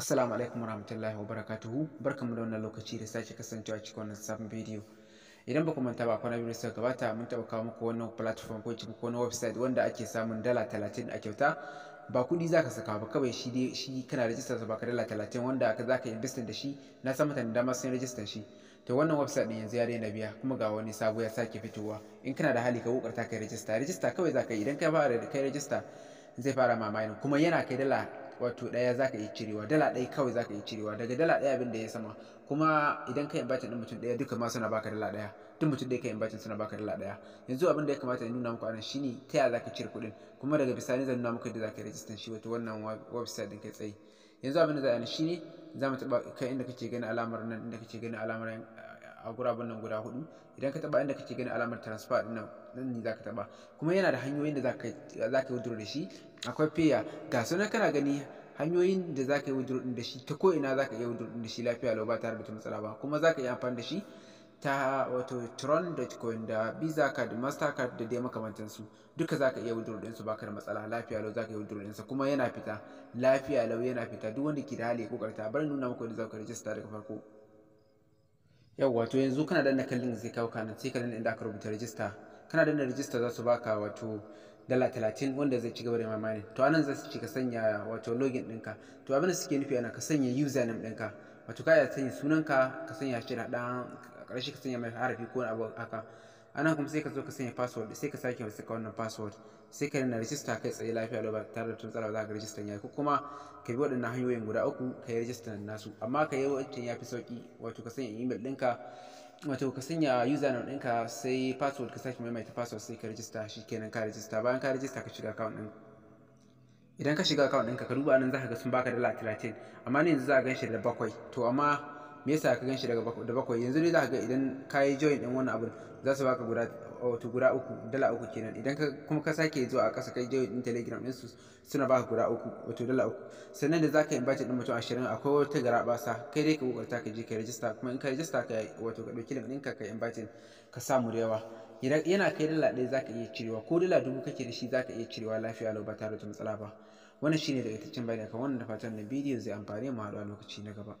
Assalamu alaikum warahmatullahi wabarakatuhu barkamu da wannan lokaci da sake kasancewa cikin wannan sabon bidiyo idan ba ku manta ba kwana biyu da suka gabata mun taɓa kawo muku wannan platform ko cikin wani website wanda ake samun dala talatin a kyauta ba kuɗi za ka saka ba kawai shi dai shi kana rijista sa baka dala talatin wanda ka za ka investing da shi na san mutane dama sun rajista shi to wannan website din yanzu ya daina biya kuma ga wani sabo ya sake fitowa in kana da hali ka kokarta kai rajista rajista kawai za ka yi idan ka fara kai rajista zai fara mamayin kuma yana kai dala wato ɗaya za ka iya cirewa dala ɗaya kawai za ka iya cirewa daga dala ɗaya abin da ya sama kuma idan ka invite ɗin mutum ɗaya duka ma suna baka dala ɗaya duk mutum ɗaya ka invite suna baka dala ɗaya yanzu abin da ya kamata in nuna muku anan shine ta yaya za ka cire kuɗin kuma daga bisani zan nuna muku yadda za ka rajistan shi wato wannan website ɗin kai tsaye yanzu abin da za a yi shine za mu taɓa kai inda kake gani alamar nan inda kake gani alamar a guraben nan guda hudu idan ka taba inda kake ganin alamar transfer din nan ne zaka taba kuma yana da hanyoyin da zaka zaka withdraw da shi akwai paya ga sunan kana gani hanyoyin da zaka yi withdraw din da shi ta ko ina zaka yi withdraw din da shi lafiya lau ba tare da matsala ba kuma zaka iya amfani da shi ta wato Tron coin da Visa card card da dai su duka zaka iya withdraw din su baka da matsala lafiya lau zaka iya withdraw din sa kuma yana fita lafiya lau yana fita duk wanda ke da hali ya kokarta bari nuna muku yadda zaka register daga farko yau wato yanzu kana danna kallon zai kawo kanan sai ka danna inda aka rubuta rijista kana danna rijista za su baka wato dala talatin wanda zai cigaba gaba da mamani to anan za su ci ka sanya wato login ɗinka to abin da suke nufi ana ka sanya username ɗinka wato ka iya sanya sunanka ka sanya shi da ɗan ƙarshe ka sanya mai harafi ko wani abu haka a nan kuma sai ka zo ka sanya password sai ka sake ka wannan password sai ka na register kai tsaye lafiya lau ba tare da tun ba za ka register yi ko kuma ka bi waɗannan hanyoyin guda uku ka yi register su amma ka yi wancan ya fi sauƙi wato ka sanya email ɗinka wato ka sanya username ɗinka sai password ka sake maimaita password sai ka register shi kenan ka register bayan ka register ka shiga account ɗin idan ka shiga account ɗinka ka duba nan za ka ga sun baka dala talatin amma ne yanzu za a gan shi da bakwai to amma me yasa ka ganshi daga da bakwai yanzu dai za ka ga idan ka yi join din wannan abun za su baka guda wato guda uku dala uku kenan idan ka kuma ka sake zuwa a ƙasa kai join din telegram din su suna baka guda uku wato dala uku sannan da za ka invite din mutum ashirin akwai wata gara basa kai dai ka kokarta ka je ka register kuma in ka register ka wato ka ɗauki link din ka invite ka samu da yawa yana kai dala ɗaya za ka iya cirewa ko dala dubu kake da shi za ka iya cirewa lafiya lau ba tare da matsala ba wannan shine da cin bayani kan wannan da fatan na bidiyo zai amfane mu haɗu a lokaci na gaba